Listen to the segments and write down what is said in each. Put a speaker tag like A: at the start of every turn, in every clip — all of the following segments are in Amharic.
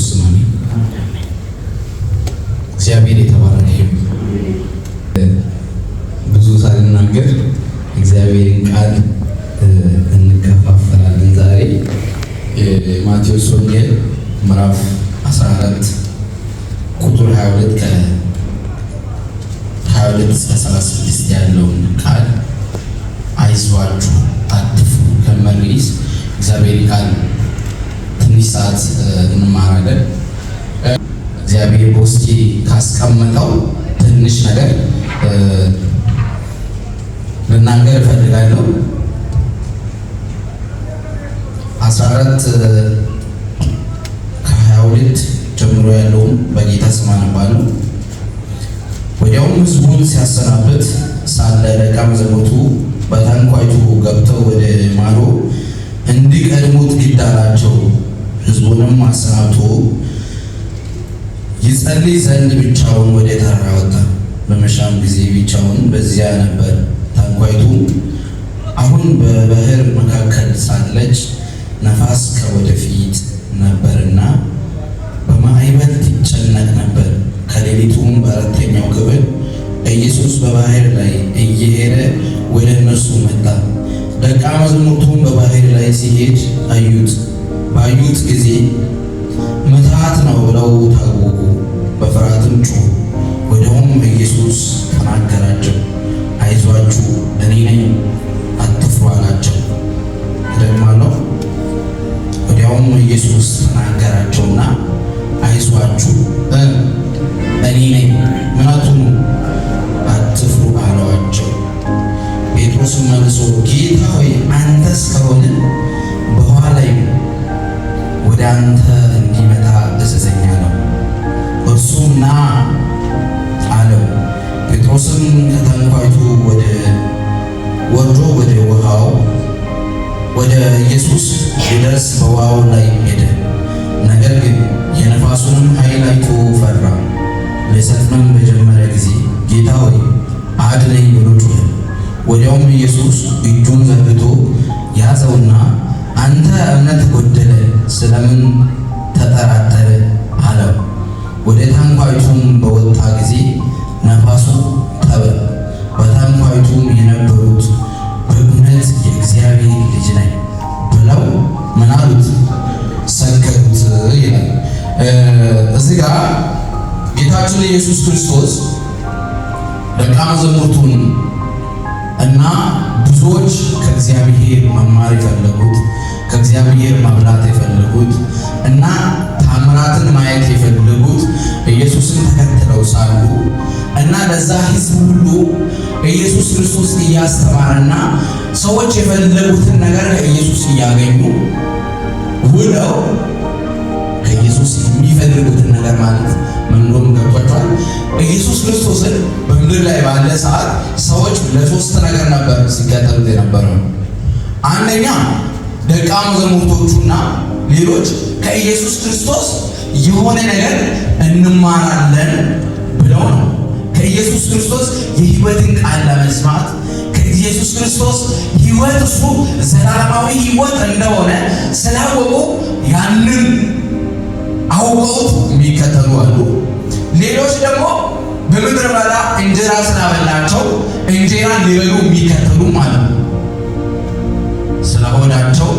A: በኢየሱስ ስም አሜን። እግዚአብሔር የተባረከ ይሁን። ብዙ ሳልናገር እግዚአብሔርን ቃል እንከፋፈላለን። ዛሬ ማቴዎስ ወንጌል ምዕራፍ 14 ቁጥር 22 ሁለት ጀምሮ ያለውን በጌታ ስም አነባለሁ። ወዲያውም ህዝቡን ሲያሰናብት ሳለ ደቀ መዛሙርቱ በታንኳይቱ ገብተው ወደ ማዶ እንዲቀድሙት ግድ አላቸው። ሕዝቡንም አሰናብቶ ይጸልይ ዘንድ ብቻውን ወደ ተራራ ወጣ። በመሻም ጊዜ ብቻውን በዚያ ነበር። ታንኳይቱ አሁን በባህር መካከል ሳለች ነፋስ ከወደፊት ነበርና በማዕበል ይጨነቅ ነበር። ከሌሊቱም በአራተኛው ክፍል ኢየሱስ በባህር ላይ እየሄደ ወደ እነርሱ መጣ። ደቀ መዛሙርቱም በባህር ላይ ሲሄድ አዩት። ባዩት ጊዜ ምትሃት ነው ብለው ታወቁ፣ በፍርሃትም ጩሁ ወዲያውም ኢየሱስ ተናገራቸው ኢየሱስ እጁን ዘርግቶ ያዘውና አንተ እምነት ጎደለ፣ ስለምን ተጠራጠረ አለው። ወደ ታንኳይቱም በወጣ ጊዜ ነፋሱ ተበ። በታንኳይቱም የነበሩት በእውነት የእግዚአብሔር ልጅ ነህ ብለው ምን አሉት? ሰከሩት ይላል። እዚህ ጋር ጌታችን ኢየሱስ ክርስቶስ ደቀ መዛሙርቱን እና ብዙዎች ከእግዚአብሔር መማር የፈለጉት ከእግዚአብሔር መብላት የፈለጉት እና ታምራትን ማየት የፈለጉት ኢየሱስን ተከትለው ሳሉ እና ለዛ ሕዝብ ሁሉ ኢየሱስ ክርስቶስ እያስተማረና ሰዎች የፈለጉትን ነገር ከኢየሱስ እያገኙ ውለው ኢየሱስ የሚፈልጉትን ነገር ማለት መንጎም ገብቷቸዋል። ኢየሱስ ክርስቶስን በምድር ላይ ባለ ሰዓት ሰዎች ለሶስት ነገር ነበር ሲከተሉት የነበረው። አንደኛ ደቀ መዛሙርቶቹና ሌሎች ከኢየሱስ ክርስቶስ የሆነ ነገር እንማራለን ብለው ነው። ከኢየሱስ ክርስቶስ የህይወትን ቃል ለመስማት ከኢየሱስ ክርስቶስ ህይወት እሱ ዘላለማዊ ሕይወት እንደሆነ ስላወቁ ያንን አውቀውት የሚከተሉ አሉ። ሌሎች ደግሞ በምድረ በዳ እንጀራ ስላበላቸው እንጀራ ሊበሉ የሚከተሉ ማለት ነው። ስለሆዳቸው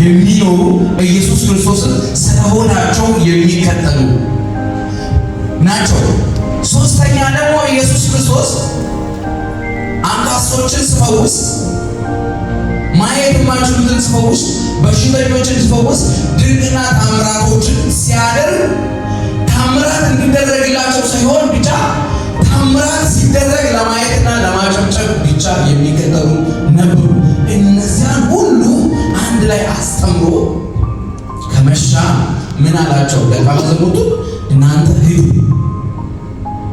A: የሚኖሩ ኢየሱስ ክርስቶስን ስለሆዳቸው የሚከተሉ ናቸው። ሶስተኛ ደግሞ ኢየሱስ ክርስቶስ አንካሶችን ሲፈውስ ማየት የማችሉትን ሲፈውስ፣ በሽተኞችን ሲፈውስ፣ ድንቅና ታምራቶችን ሲያደርግ ታምራት እንዲደረግላቸው ሳይሆን ብቻ ታምራት ሲደረግ ለማየትና ለማጨብጨብ ብቻ የሚከተሉ ነበሩ። እነዚያን ሁሉ አንድ ላይ አስተምሮ ከመሻ ምን አላቸው? ደቀ መዛሙርቱ እናንተ ሂዱ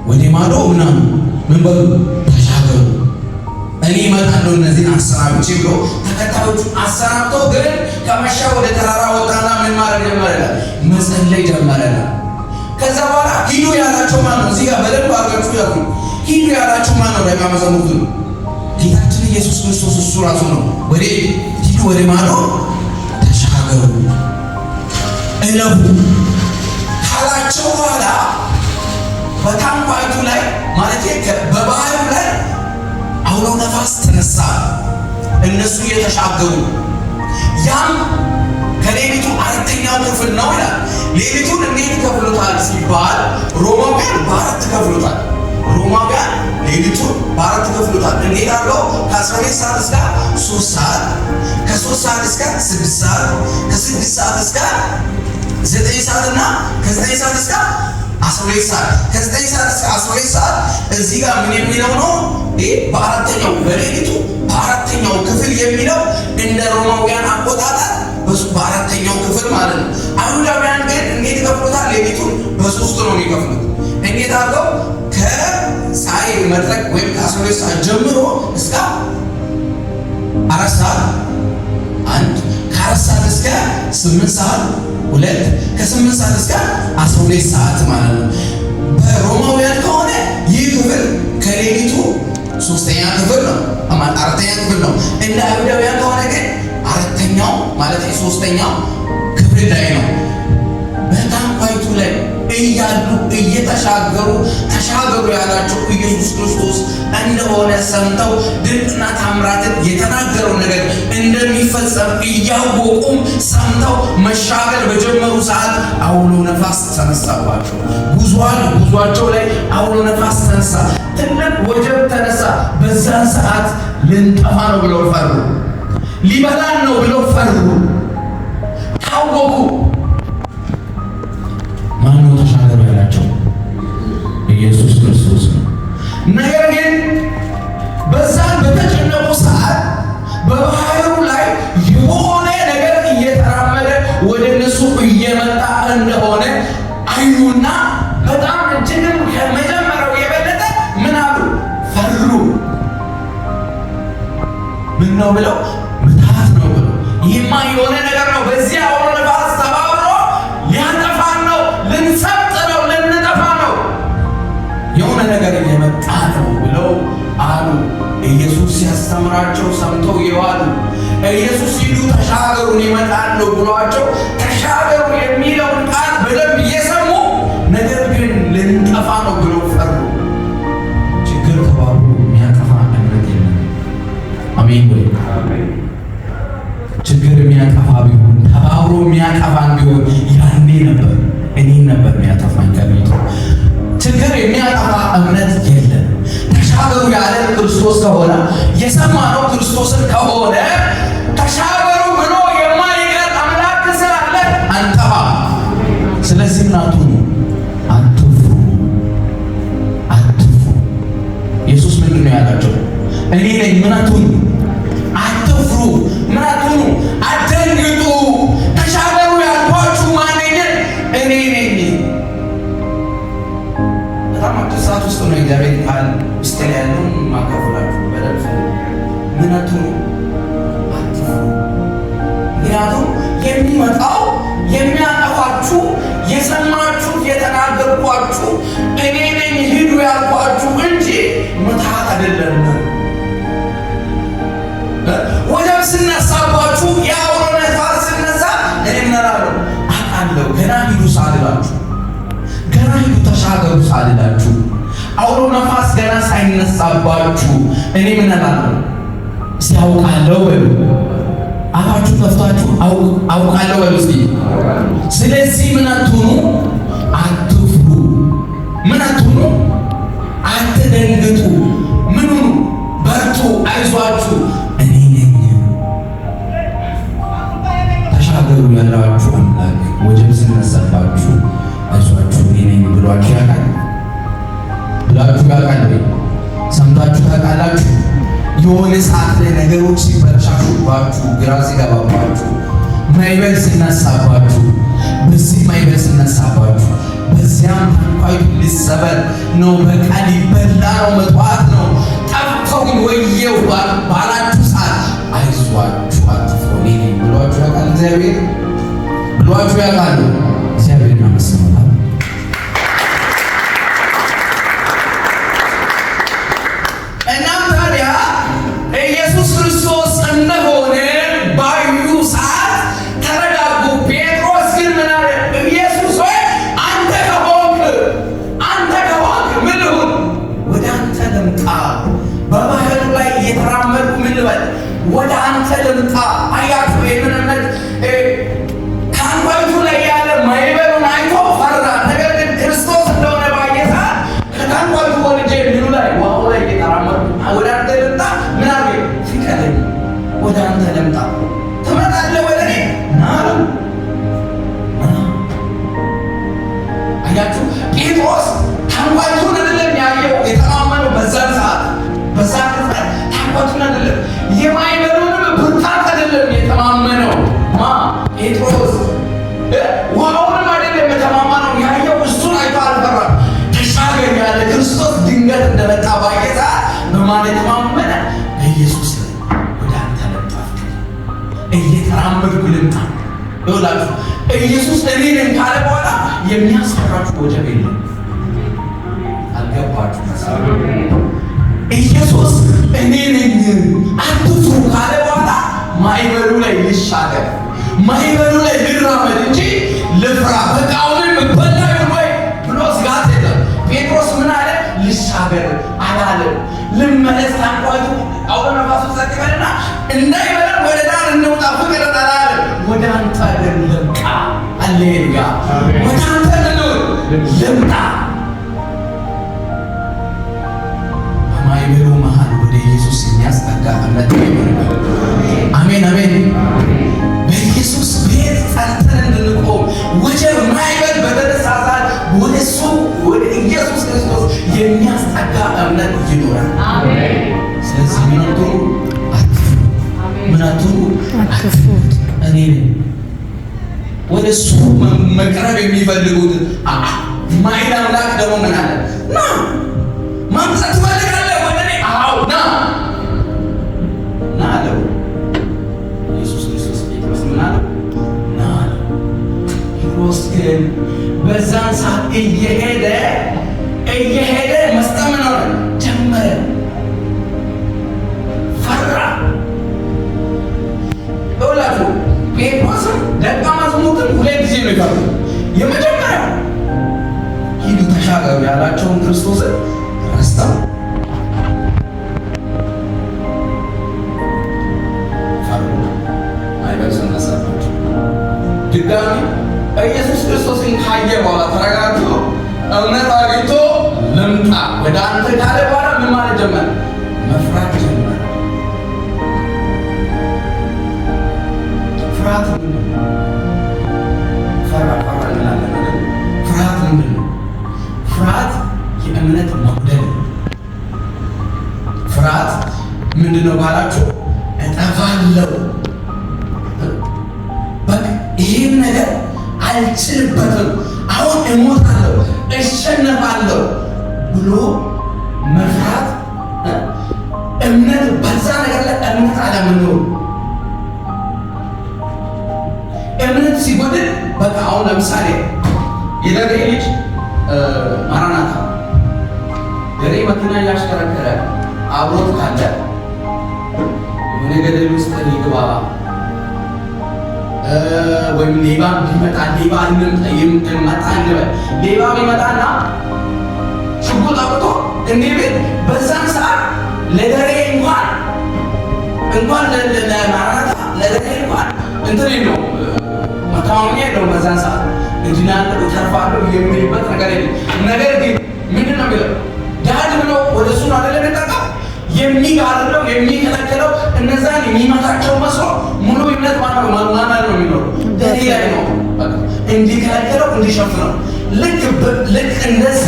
A: ወደ ማዶ ምናምን ምን በሉ እኔ እመጣለሁ እነዚህን አሰናብቼ ብሎ ተከታዮቹ አሰናብቶ ግን ከመሻ ወደ ተራራ ወጣና ምን ማድረግ ጀመረ? መጸለይ ጀመረ። ከዛ በኋላ ሂዱ ያላቸው ማን ነው? እዚህ ጋር በደንብ አድርጋችሁ ያሉ ሂዱ ያላቸው ማን ነው? ደቀ መዛሙርቱ ጌታችን ኢየሱስ ክርስቶስ እሱ ራሱ ነው። ወደ ሂዱ ወደ ማዶ ተሻገሩ እለፉ ካላቸው በኋላ በታንኳይቱ ላይ ማለት በባህሩ ላይ አውሎ ነፋስ ተነሳ። እነሱ እየተሻገሩ ያም ከሌሊቱ አራተኛው ክፍል ነው ይላል። ሌሊቱን እንዴት ይከፍሉታል ሲባል ሮማውያን በአራት ይከፍሉታል። ሮማውያን ሌሊቱን በአራት ይከፍሉታል። እንዴት አለው? ከ12 ሰዓት እስከ 3 ሰዓት፣ ከ3 ሰዓት እስከ ስድስት ሰዓት ከስድስት ሰዓት እስከ 9 ሰዓት እና ከዘጠኝ ሰዓት 12 ሰዓት ከ ሰዓት እስከ 12 ሰዓት እዚህ ጋር ምን የሚለው ነው? ይሄ በአራተኛው በሌሊቱ በአራተኛው ክፍል የሚለው እንደ ሮማውያን አቆጣጠር በሱ በአራተኛው ክፍል ማለት ነው። አይሁዳውያን ግን እንዴት ይከፍሉታል? ሌሊቱን በሶስት ነው የሚከፍሉት። እንዴት አድርገው? ከፀሐይ መድረቅ ወይም ከ ሰዓት ጀምሮ እስከ አራት ሰዓት አንድ ከአራት ሰዓት እስከ ስምንት ሰዓት ሁለት ከስምንት ሰዓት እስከ አስራ ሁለት ሰዓት ማለት ነው። በሮማውያን ከሆነ ይህ ክፍል ከሌሊቱ ሶስተኛ ክፍል ነው፣ አራተኛ ክፍል ነው። እንደ አይሁዳውያን ከሆነ ግን አራተኛው ማለት ሶስተኛው ክፍል ላይ ነው። እያሉ እየተሻገሩ ተሻገሩ ያላቸው ኢየሱስ ክርስቶስ እንደሆነ ሰምተው ድንቅና ታምራትን የተናገረው ነገር እንደሚፈጸም እያወቁም ሰምተው መሻገር በጀመሩ ሰዓት አውሎ ነፋስ ተነሳባቸው። ጉዟል ጉዟቸው ላይ አውሎ ነፋስ ተነሳ፣ ትልቅ ወጀብ ተነሳ። በዛን ሰዓት ልንጠፋ ነው ብለው ፈሩ፣ ሊበላን ነው ብለው ፈሩ። ታወቁ። ኢየሱስ ክርስቶስ ነው። ነገር ግን በዛን በተጨነቁ ሰዓት በባህሩ ላይ የሆነ ነገር እየተራመደ ወደ እነሱ እየመጣ እንደሆነ አዩና በጣም እጅግም ከመጀመሪያው የበለጠ ምን አሉ? ፈሩ። ምን ነው ብለው ነገር እየመጣ ነው ብለው አሉ። ኢየሱስ ሲያስተምራቸው ሰምተው ይዋሉ። ኢየሱስ ሲሉ ተሻገሩን ይመጣሉ ብሏቸው ተሻገሩ የሚለውን ቃል በደንብ እየሰሙ ነገር ግን ልንጠፋ ነው ብለው ፈሩ። ችግር ተባሉ የሚያጠፋ እምነት የለም። አሜን ወይ? ችግር የሚያጠፋ ቢሆን ተባብሮ የሚያጠፋን ቢሆን ያኔ ነበር እኔ ነበር የሚያጠፋኝ ከቤት ችግር የሚያጠፋ እምነት የለም። ተሻገሩ ያለ ክርስቶስ ከሆነ የሰማነው ክርስቶስን ከሆነ ተሻገሩ ብሎ የማይገር አምላክ ስላለ አንተባ። ስለዚህ እናቱ አትፍሩ፣ አትፍሩ። ኢየሱስ ምንድን ነው ያላቸው? እኔ ነኝ ምናቱኝ እግዚአብሔር ቃል ውስጥ ያለውን ማካፍላችሁ በደንብ ምነቱ ምክንያቱም የሚመጣው የሚያጠፋችሁ የሰማችሁ የተናገርኳችሁ እኔ ነኝ ሂዱ ያልኳችሁ እንጂ ምትሃት አይደለም። ወደብ ስነሳባችሁ የአውሎ ነፋስ ስነሳ እኔ ምነላለሁ አቃለሁ ገና ሂዱ ሳልላችሁ ገና ሂዱ ተሻገሩ ሳልላችሁ አውሎ ነፋስ ገና ሳይነሳባችሁ እኔ ምን እላለሁ? እስቲ አውቃለሁ በሉ። አፋችሁ ከፍታችሁ አውቃለሁ በሉ እስቲ። ስለዚህ ምን አትሁኑ፣ አትፍሩ። ምን አትሁኑ፣ አትደንግጡ። ምኑ በርቱ፣ አይዟችሁ ተሻገሩ ያላችሁ አምላክ ወጀብ ሲነሳባችሁ አይዟችሁ እኔ ነኝ ብሏችሁ ያውቃል። ብላችሁ ያውቃል ወይ? ሰምታችሁ ታውቃላችሁ? የሆነ ሰዓት ላይ ነገሮች ሲበላሹባችሁ፣ ግራ ሲገባባችሁ፣ ማዕበል ሲነሳባችሁ፣ በዚህ ማይበል ሲነሳባችሁ፣ በዚያም ታንኳይቱ ሊሰበር ነው፣ በቃ ሊበላ ነው፣ መጥዋት ነው፣ ጠፍተውኝ ወየው ባላችሁ ሰዓት አይዟችሁ፣ አትፍሩ ብሏችሁ ያውቃል እግዚአብሔር ብሏችሁ ያውቃል። ኢየሱስ እኔ ነኝ ካለ በኋላ የሚያስፈራችሁ ወጀብ የለም። አልገባችሁ? ኢየሱስ እኔ ነኝ አትፍሩ ካለ በኋላ ማይበሉ ላይ ልሻገር፣ ማይበሉ ላይ ልራመድ እንጂ ልፍራ በቃውን ምበላ ወይ ብሎ ስጋት የለም። ጴጥሮስ ምን አለ? ልሻገር አላለም። ልመለስ ታንኳቱ አውሎ ነፋሱ ጸጥ ይበልና እንዳይበለን ወደ ዳር እንውጣ ፍቅር ጠላ ወደ አንተ ልምጣ። አሌሉያ ወደ አንተ ልኑር ልምጣ። በማይበሉ መሃል ወደ ኢየሱስ የሚያስጠጋ እምነት አሜን አሜን። በኢየሱስ ቤት ጸንተን እንድንቆም ወጀብ ማይበል በተነሳሳት ወደ እሱ ወደ ኢየሱስ ክርስቶስ የሚያስጠጋ እምነት ይኖራል። ስለዚህ ምንቱ መቅረብ የሚፈልጉት ማይል አምላክ ደግሞ ምን አለ? ና ማምጣት ትፈልጋለህ ወደ እኔ? አዎ ና ና አለው። ኢየሱስ ክርስቶስ ጴጥሮስ ምን አለ? ና አለው። ጴጥሮስ ግን በዛን ሰዓት እየሄደ እየሄደ መስጠመናል ጀመረ። ፈራ ሁላችሁ ጴጥሮስም ደቀ የፈጸሙትን ሁለት ጊዜ ነው የፈሩ። የመጀመሪያው ሂዱ ተሻገሩ ያላቸውን ክርስቶስን ረስተው ድጋሚ ኢየሱስ ክርስቶስን ካየ በኋላ ተረጋግቶ እምነት አግኝቶ ልምጣ ወደ አንተ ካለ በኋላ ምን ማለት ጀመረ? መፍራት ምንድን ነው ባላችሁ እጠፋለሁ። ይህም ነገር አልችልበትም፣ አሁን እሞታለሁ፣ እሸነፋለሁ ብሎ መፍራት እምነት በዛ ነገር ላይ እምነት አለመኖሩ እምነት ሲጎድል በቃ አሁን ለምሳሌ የደሬ ልጅ ማራናታ ደሬ መኪና እያሽከረከረ አብሮት ካለ ወደ ውስጥ ይግባ ወይም ሌባ ቢመጣ ሌባ ይመጣ እንበል። ሌባ ቢመጣና ሽጉጥ አውጥቶ ቤት በዛን ሰዓት ለደሬ እንኳን እንኳን ለማራታ ለደሬ እንኳን እንትን መተማመኛ የለውም። በዛን ሰዓት እድናለሁ ተርፋለሁ የሚልበት ነገር የለም። ነገር ግን ምንድን ነው የሚለው ዳድ ብሎ ወደ እሱን አደለ የሚጋርደው የሚከለከለው እነዛን የሚመታቸው መስሎ ሙሉ እምነት ማለት ነው ማማና ነው የሚኖሩ ደሪ ላይ ነው እንዲከለከለው እንዲሸፍነው ልክ ልክ እንደዛ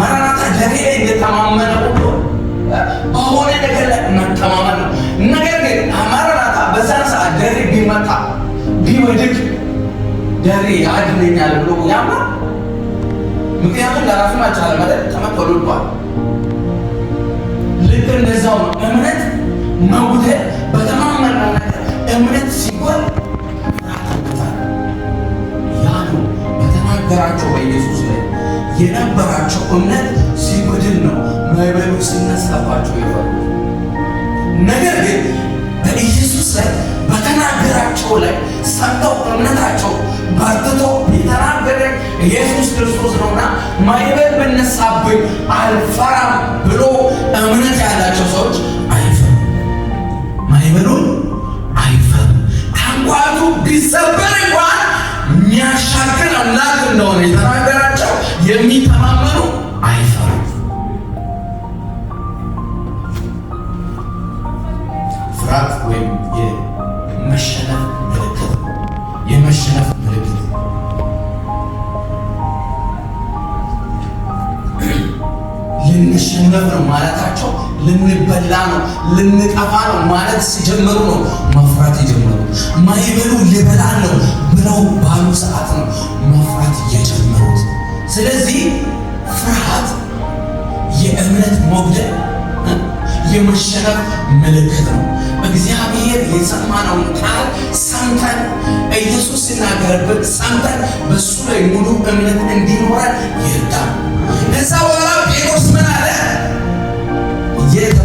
A: መራናታ ደሪ ላይ እንደተማመነ ሁሉ በሆነ ነገር ላይ መተማመን ነው። ነገር ግን መራናታ በዛን ሰዓት ደሪ ቢመጣ ቢወድቅ ደሪ አድነኛል ብሎ ያምናል። ምክንያቱም ለራሱ ማቻለ ማለት ልባል ልክ እንደዛው ነው እምነት መውደድ በተማመና ነገር እምነት ሲጎል ፍርሃት ያ ነው በተናገራቸው በኢየሱስ ላይ የነበራቸው እምነት ሲጎድል ነው መበሉ ሲነሳባቸው ይፈሩ። ነገር ግን በኢየሱስ ላይ በተናገራቸው ላይ ሰጠው እምነታቸው በርትቶ የተናገረን ኢየሱስ ክርስቶስ ነውና ማዕበል ብነሳብኝ አልፈራም ብሎ እምነት ያላቸው ሰዎች አይፈሩ፣ ማዕበሉን አይፈሩ። ታንኳቱ ቢሰበር እንኳን የሚያሻግር አምላክ እንደሆነ የተናገራቸው የሚተማመኑ አይፈሩ። ፍርሃት ወይም ልንሸነፍ ነው ማለታቸው ልንበላ ነው ልንጠፋ ነው ማለት ሲጀመሩ ነው መፍራት የጀመሩ። ማይበሉ ልበላን ነው ብለው ባሉ ሰዓት ነው መፍራት እየጀመሩት ስለዚህ ፍርሃት የእምነት መጉደል የመሸነፍ ምልክት ነው። እግዚአብሔር የሰማነውን ቃል ሰምተን ኢየሱስ ሲናገርበት ሰምተን በሱ ላይ ሙሉ እምነት እንዲኖረን ይርዳል።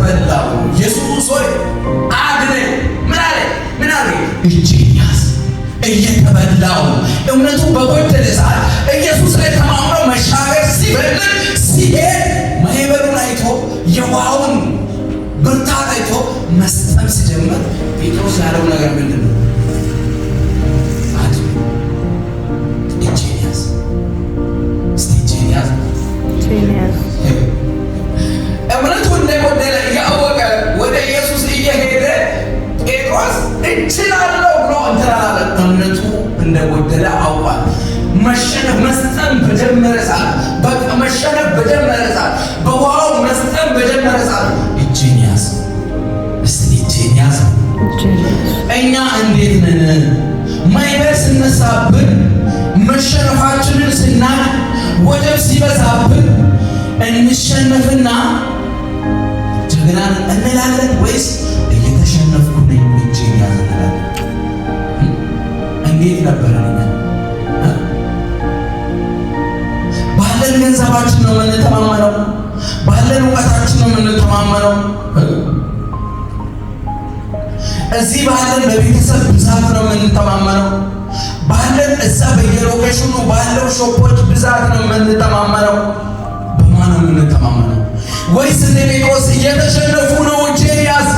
A: ተበላው። ኢየሱስ ሆይ አድነኝ። ምን አለ ምን አለ እጅግ ያዝ እየተበላው እውነቱ በጎደለ ሰዓት ኢየሱስ ላይ ተማምኖ መሻገር ሲፈልግ ሲሄድ ማህበሩን አይቶ የውሃውን ብርታት አይቶ መስጠም ሲጀምር ጴጥሮስ ያለው ነገር ምንድን ነው? እንሸነፍና ጀግናን እንላለን ወይስ እየተሸነፍኩ ነኝ እጅ ያዝናል? እንዴት ነበር ባለን ገንዘባችን ነው የምንተማመነው? ባለን እውቀታችን ነው የምንተማመነው? እዚህ ባለን በቤተሰብ ብዛት ነው የምንተማመነው? ባለን እዛ በየሎኬሽኑ ባለው ሾፖች ብዛት ነው የምንተማመነው? የምንተማመነው ወይስ እንደ ጴጥሮስ እየተሸነፉ ነው እጄን ያዝ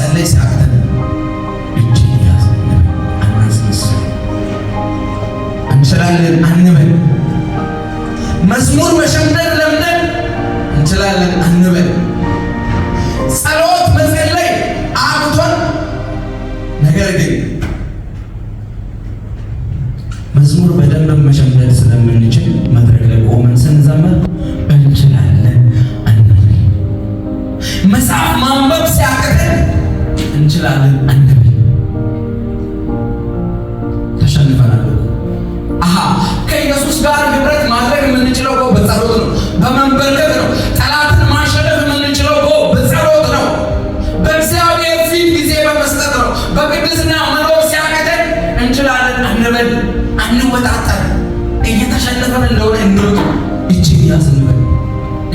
A: salvation በቅድስና መኖር ሲያቀተን እንችላለን አንበል፣ አንወጣጠር። እየተሸነፈን ለሆነ እንወጡ እጅ ያዝ እንበል።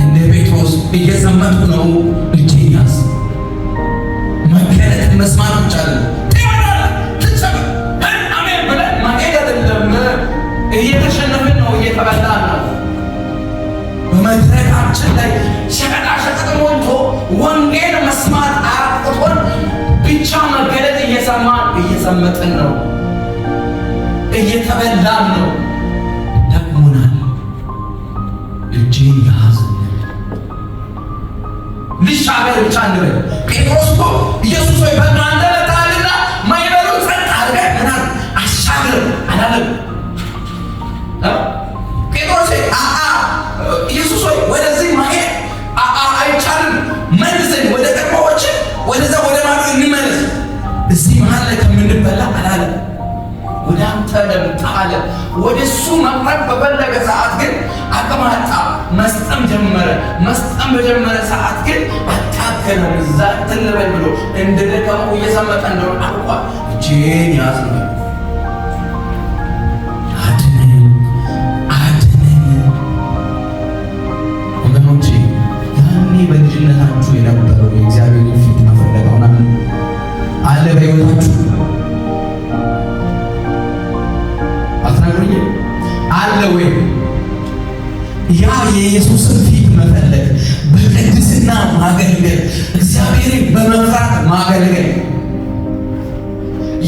A: እንደ ጴጥሮስ እየዘመቱ ነው እጅ ያዝ መገለጥን መስማት ይቻላል። እየተሸነፍን ነው፣ እየተበላን ነው። በመድረካችን ላይ ሸቀጣሸቀጥ ሞልቶ ወንጌል መስማት አቅቶን ብቻ መገለጥ እየሰማን እየሰመጥን ነው፣ እየተበላን ነው። ደግሞናል እጅን ያዝን ልሻገር ብቻ እንበል ጴጥሮስ እኮ ኢየሱስ ወይ በእናንተ ወደ እሱ መቅረብ በፈለገ ሰዓት ግን አቅማጣ መስጠም ጀመረ። መስጠም በጀመረ ሰዓት ግን አታከለው እዛ ትልበል ብሎ እንደ እየሰመጠ እንደሆነ እጄን ያዝ ነው በልጅነታችሁ የነበረው የእግዚአብሔር ፊት መፈለግ አለ በሕይወታችሁ ወይ አለ ወይ? ያ የኢየሱስን ፊት መፈለግ፣ በቅድስና ማገልገል፣ እግዚአብሔርን በመፍራት ማገልገል፣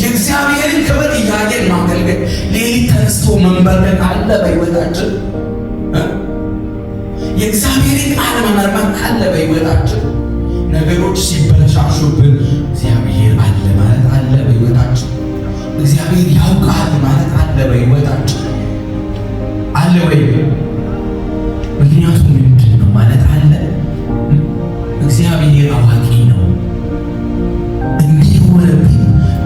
A: የእግዚአብሔርን ክብር እያየን ማገልገል፣ ሌሊት ተነስቶ መንበርከክ አለ በሕይወታችን። የእግዚአብሔርን ቃል መመርመር አለ በሕይወታችን። ነገሮች ሲበለሻሹብን እግዚአብሔር አለ ማለት እግዚአብሔር ያውቃል ማለት አለ ወይ? ወጣችሁ አለ ወይ? ምክንያቱም ምንድን ነው ማለት አለ። እግዚአብሔር አዋቂ ነው። እንዲህ ሆነብኝ።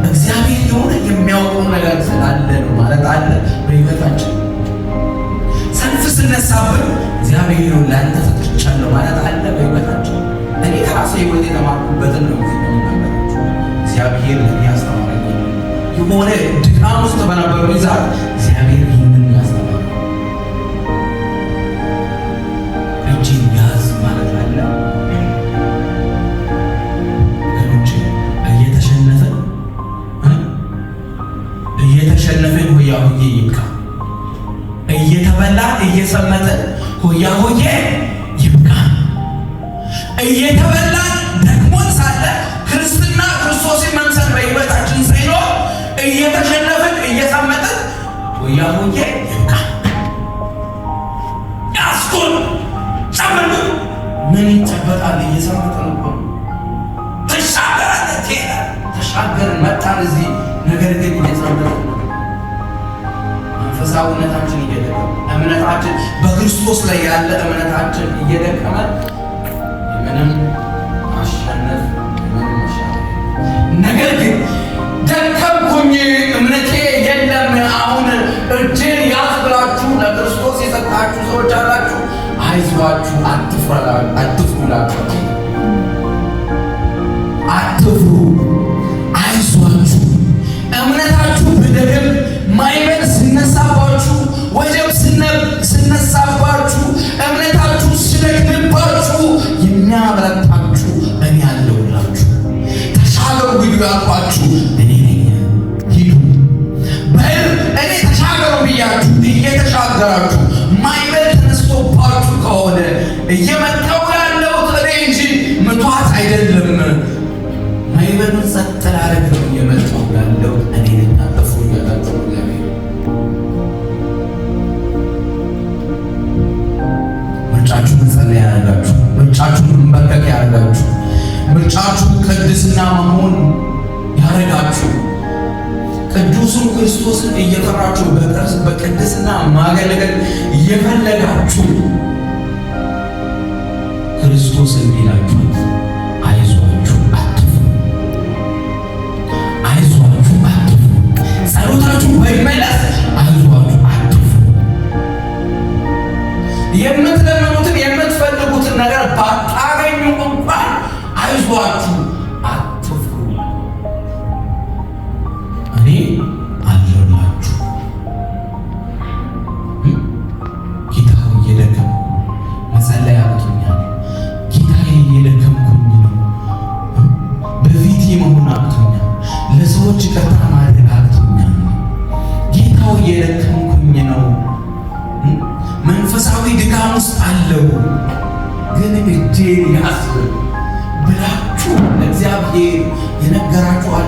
A: እግዚአብሔር የሆነ የሚያውቀው ነገር ስላለ ነው ማለት አለ በሕይወታችን። ሰልፍ ስነሳብን እግዚአብሔር ነው ለአንተ ሰጥቻለሁ ማለት አለ በሕይወታችን። እኔ ራሴ ሕይወት የተማርኩበትን ነው እግዚአብሔር ለሚያስተ የሆነ ድካም ውስጥ በነበሩ ሰዓት እግዚአብሔር ይህንን ያስተማሩ እጅ ያዝ ማለት አለ። ከውጭ እየተሸነፈ እየተሸነፈ ሆያ ሆዬ ይብቃ፣ እየተበላ እየሰመጠ ሆያ ሆዬ ይብቃ፣ እየተበላ ኮያ ሆኜ ልምጣ ያስኩን ጨምር ምን ይጨበጣል? እየሰማት ነበር። ተሻገረን ተሻገረን መጣን እዚህ ነገር ግን እየጸበጠ መንፈሳዊ እየደቀመ እምነታችን በክርስቶስ ላይ ያለ እምነታችን እየደቀመ ምንም ማሸነፍ ምንም መሻገር ነገር ግን ደከምኩኝ እምነቴ የለም አሁን እጅን ያዝብላችሁ ብላችሁ ለክርስቶስ የሰጣችሁ ሰዎች አላችሁ። አይዟችሁ፣ አትፍሩ አትፍሩ፣ አይዟችሁ። እምነታችሁ ብድርም ማይበል ሲነሳባችሁ፣ ወጀብ ስነሳባችሁ እምነታችሁ ስደግም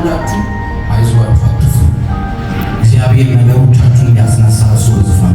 A: ያላችሁ አይዟችሁ፣ እግዚአብሔር ነገሮቻችሁን ያስነሳ እሱ